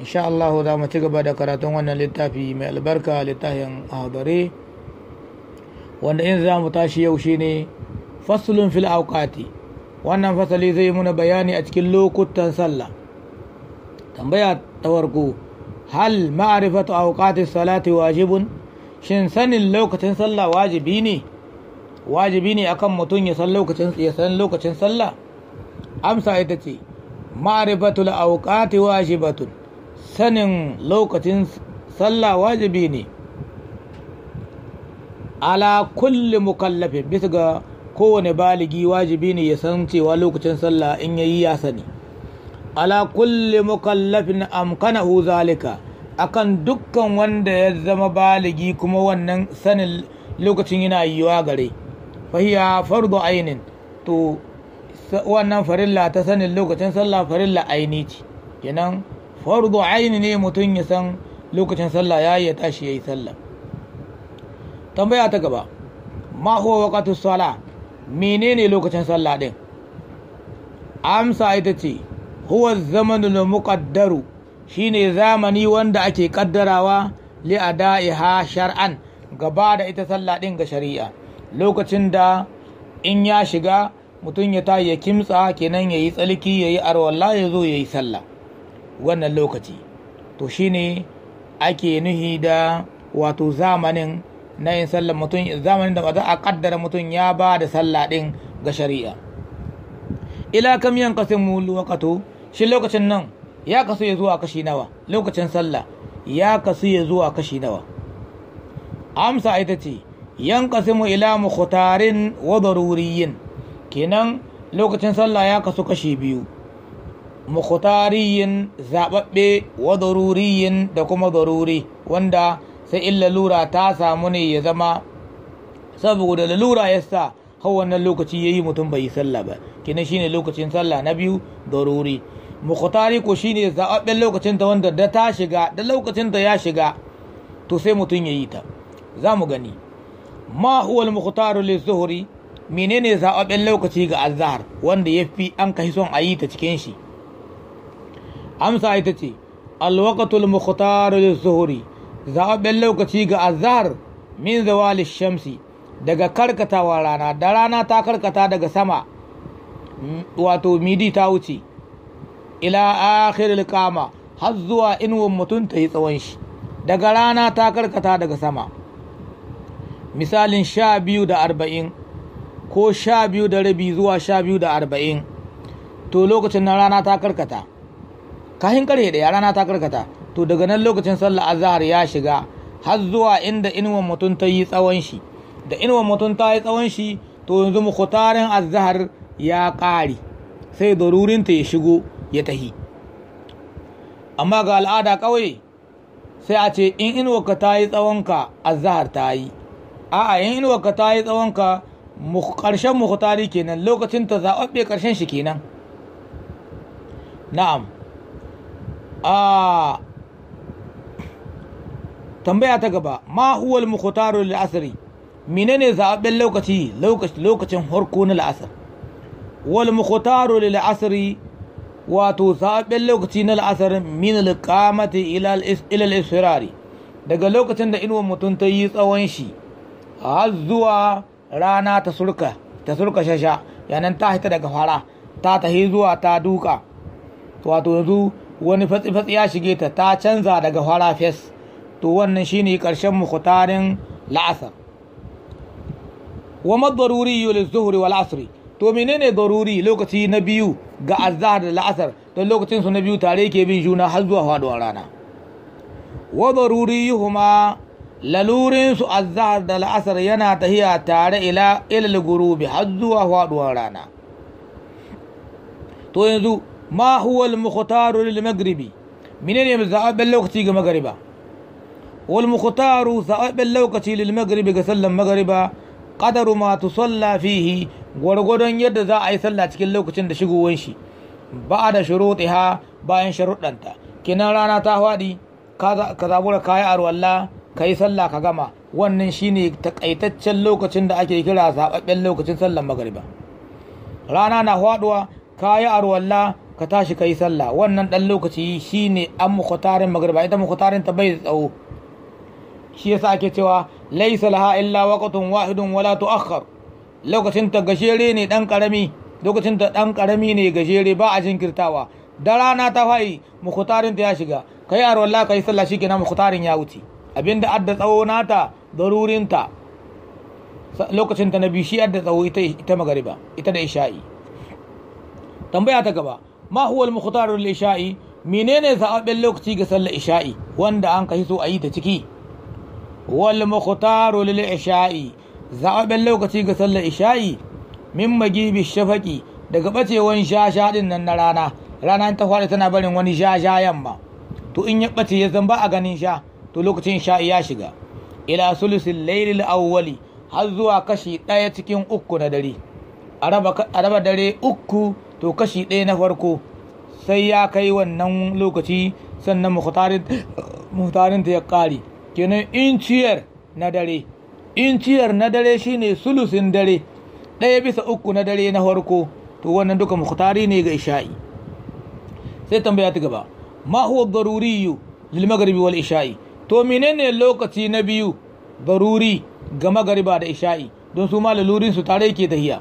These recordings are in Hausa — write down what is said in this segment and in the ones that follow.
insha Allah za mu ci gaba da karatun wannan littafi mai albarka littafin habare wanda in za mu tashi yau ne fasulun fil auqati wannan fasali zai muna bayani a cikin lokutan sallah tambaya ta farko hal ma'rifatu auqati salati wajibun shin sanin lokacin sallah wajibi ne wajibi ne akan mutum ya san lokacin ya san lokacin sallah amsa ita ce ma'rifatul auqati wajibatun sanin lokacin sallah wajibi ne ala kulli mukallafi bisa ga kowane baligi wajibi ne ya san cewa lokacin sallah in ya yi ya sani ala kulli mukallafin Amkana zalika akan dukkan wanda ya zama baligi kuma wannan sanin lokacin yana yiwuwa gare fahiya fardu ainin to wannan farilla ta sanin lokacin sallah farilla aini ce kenan fardu aini ne mutum ya san lokacin sallah ya yi ya tashi ya yi sallah tambaya ta gaba ma huwa waqtu menene lokacin sallah din amsa ita ce huwa muƙaddaru muqaddaru shine zamani wanda ake kaddarawa li ha shar'an gaba da ita sallah din ga shari'a lokacin da in ya shiga mutum ya ta ya kimtsa kenan ya yayi tsalki yayi arwalla ya zo ya yi sallah wannan lokaci to shine ake nuhi da wato zamanin na yin sallar mutum zamanin da za a kaddara mutum ya ba da sallah ɗin ga shari'a ila kam yan mulu wakato shi lokacin nan ya kasu ya zuwa kashi nawa lokacin sallah ya kasu ya zuwa kashi nawa amsa ita ce yan kasimu ila mukhtarin wa daruriyin kenan lokacin sallah ya kasu kashi biyu mukhtariyin zaɓaɓɓe wa daruriyin da kuma daruri wanda sai in lalura ta samu ne ya zama saboda lalura ya sa har wannan lokaci ya yi mutum bai yi sallah ba kina shine lokacin sallah na biyu daruri mukhtari ko shine zaɓaɓɓen lokacin ta wanda da ta shiga da lokacin ta ya shiga to sai mutum ya yi ta za mu gani ma huwa al-mukhtaru lizuhri menene zaɓaɓɓen lokaci ga azhar wanda yafi an kai son a yi ta cikin shi amsa ita ce alwaqatul mukhtaru lizuhuri zaɓen lokaci ga azhar min zawali shamsi daga karkatawa rana da rana ta karkata daga sama wato midi ta wuce ila akhiril kama har zuwa inuwan mutum ta yi tsawon shi daga rana ta karkata daga sama misalin sha biyu da arba'in ko sha biyu da rabi zuwa sha biyu da arba'in to lokacin na rana ta karkata kahin karhe da rana ta karkata to daga nan lokacin sallah azhar ya shiga har zuwa inda inuwan mutum ta yi tsawon shi da inuwan mutum ta yi tsawon shi to yanzu mukhtarin azhar ya ƙare sai darurinta ya shigo ya tahi amma ga al'ada kawai sai a ce in ka ta yi tsawonka azhar ta yi a'a in ka ta yi tsawonka ƙarshen muhtari kenan lokacin ta zaɓaɓɓe ƙarshen shi kenan na'am a ah. tambaya ta gaba ma huwal mukhtaru lil asri menene zaɓen lokaci lokacin harko na la'asar wal mukhtaru lil asri wato zaɓen lokaci na la'asar min alqamati ila al daga lokacin da inuwar mutum ta yi tsawon shi har zuwa rana ta surka ta surka shasha yanan ta hita daga fara ta tahi zuwa ta duka wato yanzu wani fatsi-fatsi ya shige ta ta canza daga fara fes to wannan shine karshen mukhtarin la'asar wa madaruri lil zuhri wal asri to menene daruri lokaci na biyu ga azhar da la'asar don lokacin su na biyu tare ke bin juna har zuwa faduwar rana wa daruriyuhuma lalurin su azhar da la'asar yana tahiya tare ila ilal gurubi har zuwa faduwar rana to yanzu ma هو المختار للمغربي lil maghribi menene zaɓen lokaci ga magariba wal mukhtaru zaɓen lokaci lil ga sallan magariba qadaru ma tusalla fihi gwargwadon yadda za a yi sallah cikin lokacin da shigo shi ba da shurutiha bayan sharuɗanta kinan rana ta faɗi ka zabura kai arwalla ka yi sallah ka gama wannan shine takaitaccen lokacin da ake kira zaɓaɓɓen lokacin sallar magariba rana na faɗuwa kayi arwalla ka tashi ka yi sallah wannan ɗan lokaci shi ne an mukhtarin magriba ita mukhtarin ta bai tsawo shi yasa ake cewa laisa laha illa waqtun wahidun wala tu'akhkhar lokacin ta gashere ne dan karami lokacin ta dan karami ne gashere ba a jinkirtawa da rana ta fa'i mukhtarin ta ya shiga kai wallahi kai sallah shikenan mukhtarin ya wuce abinda adda tsawo nata darurinta lokacin ta na biyu shi adda tsawo ita magariba ita da isha'i tambaya ta gaba ma huwal mukhtarul isha'i menene zaɓen lokaci ga sallar isha'i wanda an kashi so a ta ciki wal mukhtaru lil zaɓen lokaci ga sallar isha'i min magibi shafaqi daga bacewan shasha din nan na rana rana ta fara tana barin wani shasha yamma to in ya bace ya zamba a ganin sha to lokacin sha'i ya shiga ila sulusil laylil awwali har zuwa kashi ɗaya cikin uku na dare a raba dare uku to kashi ɗaya na farko sai ya kai wannan lokaci sannan ta ya ƙare kenan inciyar na dare inciyar na dare shine sulusin dare ɗaya bisa uku na dare na farko to wannan duka muhtari ne ga isha'i sai tambaya ta gaba ma huwa daruriyu lil maghribi wal isha'i to menene lokaci na biyu garuri ga magariba da isha'i don su ma lalurin tare ke tahiya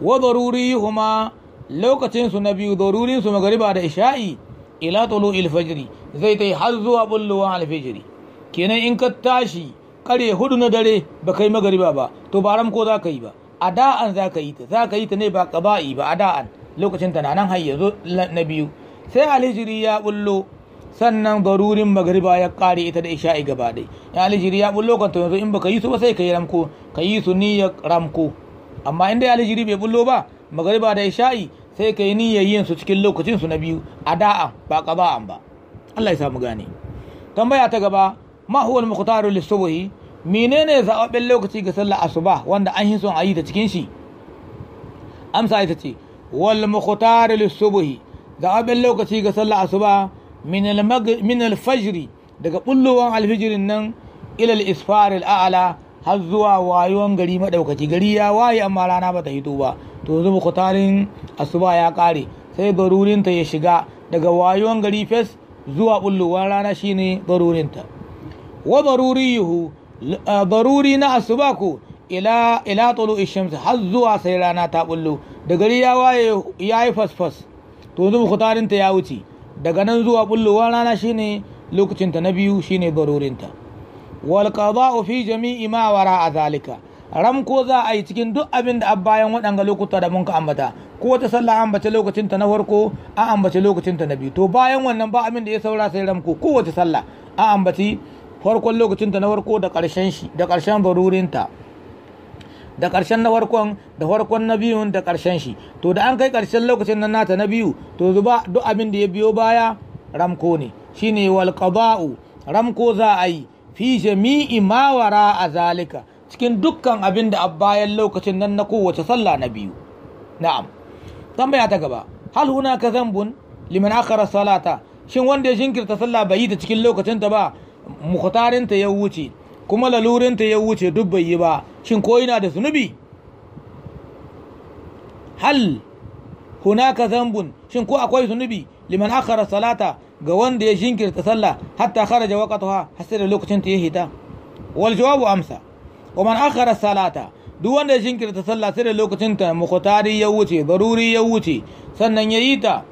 wa daruriyuhuma lokacinsu na biyu dorurinsu magariba da isha'i ila tulu ilfajiri zai ta yi har zuwa bullowa alfajiri. kenan in ka tashi kare hudu na dare ba kai magariba ba to ba ramko za ka yi ba A da'an za ka yi ta za ka yi ta ne ba ƙaba'i ba da'an lokacin ta nan har yanzu na biyu sai alhijiri ya bullo sannan garurin magariba ya kare ita da isha'i gaba dai ya alhijiri ya bullo kan yanzu in baka yi su ba sai ka yi ramko ka yi su niyyar ramko amma in ya alhijiri bai bullo ba magariba da isha'i sai ka yi niyyar yin su cikin lokacin su na biyu a da'a ba qada'an ba Allah ya samu gane tambaya ta gaba ma huwa muqtaru lis-subhi menene zaɓaɓɓen lokaci ga sallar asuba wanda an yi son a yi ta cikin shi amsa ita ce wal mukhtaru lis-subhi zaɓaɓɓen lokaci ga sallar asuba min al daga bullowan alfijirin nan ila isfaril aala har zuwa wayon gari madaukaki gari ya waye amma rana bata hito ba to yanzu kutarin asuba ya kare sai barurinta ya shiga daga wayon gari fes zuwa bullowar rana shine barurinta wa baruriyuhu baruri na asuba ko ila ila tulu shamsi har zuwa sai rana ta bullo da gari ya waye yi fasfas to yanzu mukutarinta ya wuce daga nan zuwa bullowar rana shine lokacinta na biyu shine barurinta wal qada'u fi jami'i ma wara'a zalika ramko za a yi cikin duk abin da bayan waɗanga lokuta da mun ka ambata ko ta sallah an ambace lokacin ta na farko an ambace lokacin ta na biyu to bayan wannan ba abin da ya saura sai ramko kowace sallah an ambaci farkon lokacin ta na farko da ƙarshen shi da ƙarshen barurinta da ƙarshen na farkon da farkon na biyun da ƙarshen shi to da an kai ƙarshen lokacin nan nata na biyu to zuba duk abin da ya biyo baya ramko ne shine wal qada'u ramko za a yi fi jami'i ma wara a zalika cikin dukkan abin da bayan lokacin nan na kowace sallah na biyu na'am tambaya ta gaba hal ka zambun liman akhara salata shin wanda ya jinkirta sallah bai yi ta cikin lokacin ta ba mukhtarin ta ya wuce kuma lalurin ta ya wuce duk bai yi ba shin ko yana da zunubi hal hunaka zambun shin ko akwai zunubi liman akhara salata ga wanda ya jinkirta sallah hatta kharaja waqtaha har sai da lokacin ta ya hita wal jawabu amsa wa man akhara salata duk wanda ya jinkirta sallah sai da lokacin ta mukhtari ya wuce baruri ya wuce sannan ya yi ta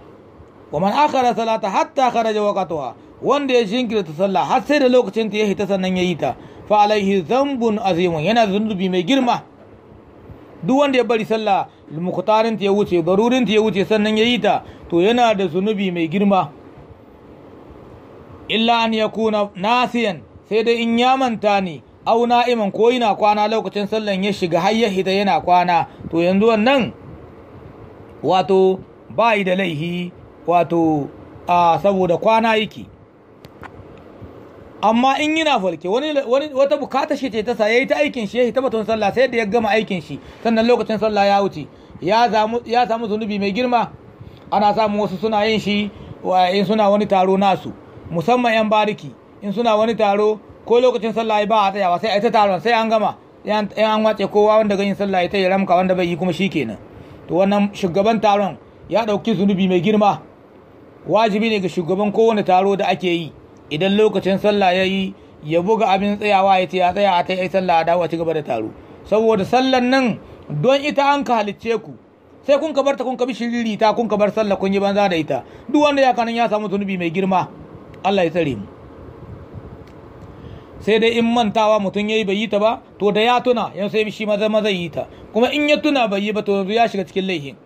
wa man akhara salata hatta kharaja waqtuha wanda ya jinkirta sallah har sai da lokacin ta ya hita sannan ya yi ta fa alaihi dhanbun azimun yana zunubi mai girma duk wanda ya bari sallah muktarin ta ya wuce garurin ta ya wuce sannan ya yi ta to yana da zunubi mai girma illa an yakuna nasiyan sai dai in ya manta ne au na'iman ko yana kwana lokacin sallan ya shiga har ya hita yana kwana to yanzu wannan wato ba yi da laihi wato a saboda kwana yake amma in yana falke wani wata bukata shi ce ta sa yayi ta aikin shi yayi ta batun sallah sai da ya gama aikin shi sannan lokacin sallah ya wuce ya samu zunubi mai girma ana samun wasu suna yin shi in suna wani taro nasu musamman yan bariki in suna wani taro ko lokacin sallah ba a tsayawa sai a yi ta taron sai an gama yan an wace kowa wanda ganin sallah ta yi ramka wanda bai yi kuma kenan to wannan shugaban taron ya ɗauki zunubi mai girma wajibi ne ga shugaban kowane taro da ake yi idan lokacin sallah ya yi ya buga abin tsayawa ya ce ya tsaya a ta yi sallah a dawo a ci gaba da taro saboda sallan nan don ita an ka halicce ku sai kun ka barta kun ka bi shiriri ta kun ka bar sallah kun yi banza da ita duk wanda ya kanan ya samu zunubi mai girma Allah ya tsare mu sai dai in mantawa mutum ya yi bai yi ta ba to da ya tuna yan sai shi maza maza yi ta kuma in ya tuna bai yi ba to yanzu ya shiga cikin laihin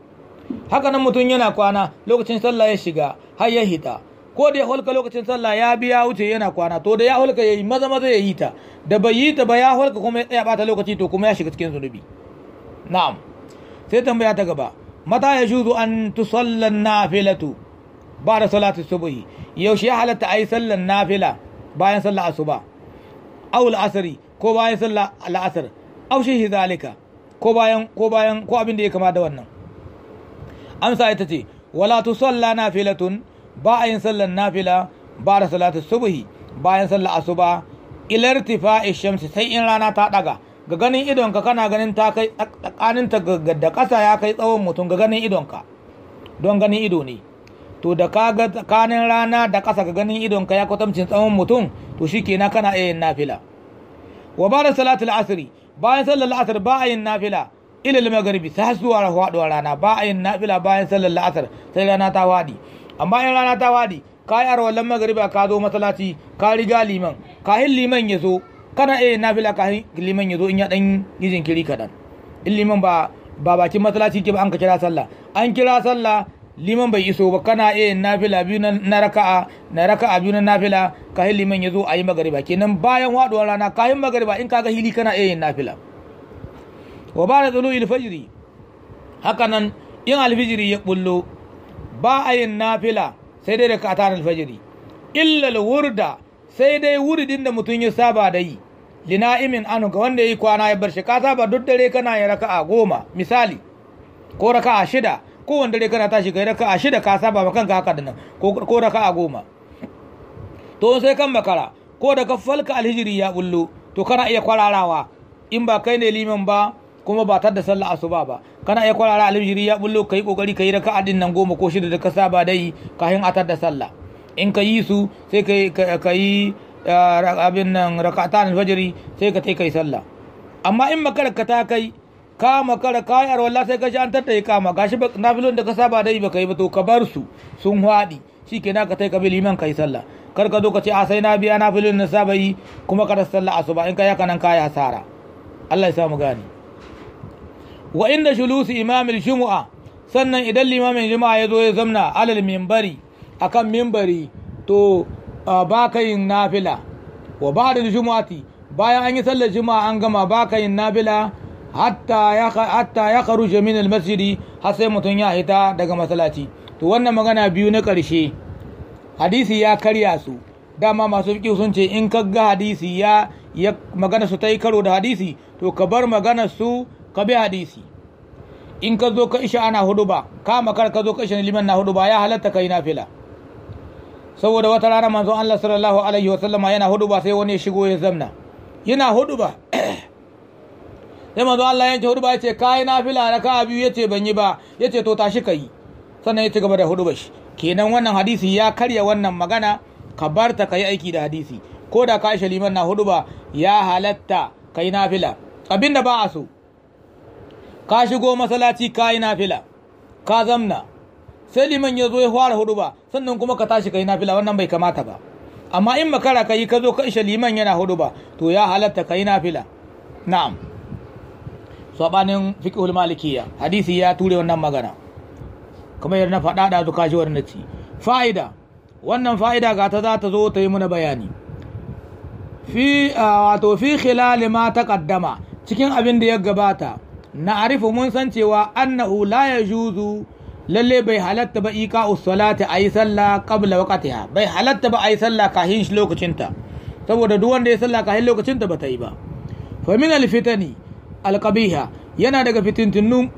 haka nan mutum yana kwana lokacin sallah ya shiga har ya hita ko da ya holka lokacin sallah ya biya wuce yana kwana to da ya ya yi maza maza ya yi ta da bai yi ta ba ya holka kuma ya tsaya bata lokaci to kuma ya shiga cikin zunubi na'am sai tambaya ta gaba mata ya shuzu an tu tusalla nafilatu ba da salatu subhi yaushe ya halatta ayi sallan nafila bayan sallar asuba aw al'asari ko bayan sallah al'asar aw shi zalika ko bayan ko bayan ko abin da ya kama da wannan amsa ita ce wala salla nafilatun ba a yin sallan nafila ba da salatu subhi bayan sallar asuba ila irtifa'i shamsi sai in rana ta daga ga ganin idonka kana ganin ta kai tsakaninta da ƙasa ya kai tsawon mutum ga ganin idonka don ganin ido ne to da ka tsakanin rana da ƙasa ka ganin idon ka ya kwatamcin tsawon mutum to shi kenan kana iya yin nafila wa ba da salatul asiri bayan sallar la'asar ba a yin nafila ila al ta zuwa faduwar rana ba a yin nafila bayan sallar la'asar. sai rana ta wadi amma in rana ta wadi ka yi arwallan maghriba ka zo masalaci ka riga liman kahin liman ya zo kana iya nafila kahin liman ya zo in ya ɗan yi jinkiri kadan in liman ba ba bakin masallaci ke ba an ka kira sallah an kira sallah liman bai iso ba kana iya nafila biyu na raka'a na raka'a biyu na nafila Ka yi liman ya zo a yi magariba kenan bayan waduwar rana kayan magariba in ka ga hili kana iya yin nafila wa ba da tsulu ilfajiri haka nan in alfijiri ya bullo ba a yin nafila sai dai da katan alfajiri illal wurda sai dai wuridin da mutum ya saba da yi lina'imin anu ga wanda ya yi kwana ya bar shi ka saba duk dare kana yin raka'a goma misali ko raka'a shida kowane dare kana tashi kai raka a shida ka saba ma kanka haka dinnan ko raka a goma to sai kan makara ko daga falka alhijiri ya bullo to kana iya kwararawa in ba kai ne liman ba kuma ba tar da sallah asuba ba kana iya kwarara alhijiri ya bullo kai kokari kai raka a dinnan goma ko shida da ka saba dai kafin a tar da sallah in ka yi su sai ka yi eh, abin nan raka'atan alfajiri sai ka kai sallah amma in makarka ta kai Kama kada ka yi sai ka ji an tattaye kama gashi na filon da ka saba dai baka yi ba to ka bar su sun haɗi shi ka tai kabil iman ka yi sallah kar ka zo ka ce a sai na biya na filon na saba yi kuma ka sallah asuba in ka yaka nan ka yi asara Allah ya samu gane wa inda shulusi al jumu'a sannan idan limamin juma'a ya zo ya zamna alal mimbari akan mimbari to ba ka yin nafila wa ba'da jumu'ati bayan an yi sallar juma'a an gama ba ka yin nafila hatta ya karu min almasjidi har sai mutum ya hita daga masalaci. to wannan magana biyu na ƙarshe hadisi ya karya su dama masu fiki sun ce in ka ga hadisi ya magana su ta yi karo da hadisi to ka bar magana su ka bi hadisi in ka zo ka isha ana hudu ba ka makar ka zo ka isha liman na hudu ba ya halatta ka yi na fila. saboda wata rana manzon Allah sallallahu alaihi wa sallama yana hudu ba sai wani ya shigo ya zamna yana hudu ba sai manzo Allah ya ce hudu ba ya ce kai nafila raka biyu ya ce ban yi ba ya ce to tashi kai sannan ya ci gaba da hudu shi kenan wannan hadisi ya karya wannan magana ka bar ta kai aiki da hadisi ko da ka liman na hudu ba ya halatta kai nafila abin da ba a so ka shigo masallaci ka yi nafila ka zamna sai liman ya zo ya fara hudu ba sannan kuma ka tashi ka yi nafila wannan bai kamata ba amma in makara ka yi ka zo ka ishe liman yana hudu ba to ya halatta ka yi nafila na'am sabanin fiqhul malikiya hadisi ya ture wannan magana kuma yadda na faɗa da duka shi ci fa'ida wannan fa'ida ga ta za ta zo ta yi muna bayani fi wato fi khilali ma taqaddama cikin abin da ya gabata na arifu mun san cewa annahu la yajuzu lalle bai halatta ba iqa us-salati yi sallah qabla waqtiha bai halatta ba a yi sallah kahin shi lokacinta saboda duk wanda ya salla kahin lokacinta ba ta yi ba fa min al-fitani alqabiha yana daga fitintinu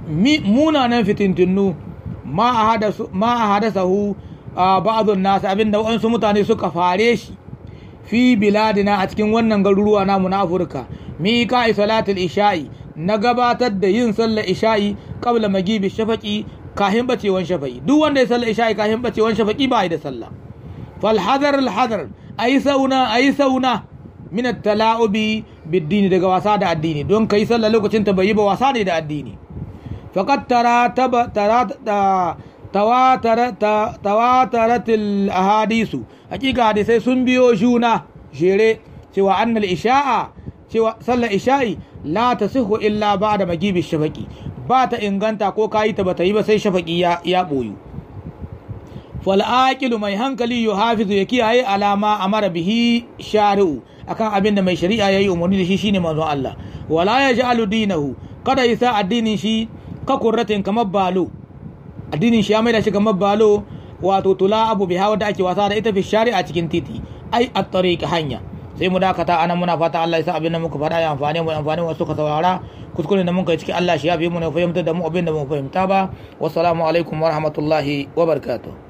munanan fitintinu ma a hadasahu ba'adun nasu abinda waɗansu mutane suka fare shi fi biladina a cikin wannan garuruwa namu na afirka yi salatul isha'i na gabatar da yin sallar isha'i kabla magibi shafaki kahin bacewan shafaki duk wanda ya sallar isha'i kahin bacewan shafaki ba da sallah fal hadar al hadar yi sauna yi sauna min tala'ubi biddini daga wasa da addini don kai sallah lokacin ta bai yi ba wasa ne da addini faqad tara tara tawataratil ahadisu hakika hadisai sun biyo juna shere cewa annal isha'a cewa sallar isha'i la tasihu illa ba'da magibi shafaqi ba ta inganta ko kayi ta bata yi ba sai shafaqi ya ya boyu fal aqilu mai hankali yuhafizu ya kiyaye alama amara bihi shari'u akan abin da mai shari'a yi umarni da shi shine manzo Allah wala ya yaj'alu dinahu kada sa addinin shi ka kurratin kamar balo addinin shi ya maida shi kamar balo wato tula abu hawa da ake wasa da ita fi shari'a cikin titi ai a tariq hanya sai mu dakata anan muna fata Allah ya sa abin da muka faɗa ya amfane mu amfane wasu ka saurara kuskure da muka yi cikin Allah shi ya bi mu ne da mu abin da mu fahimta ba wassalamu alaikum warahmatullahi wabarakatuh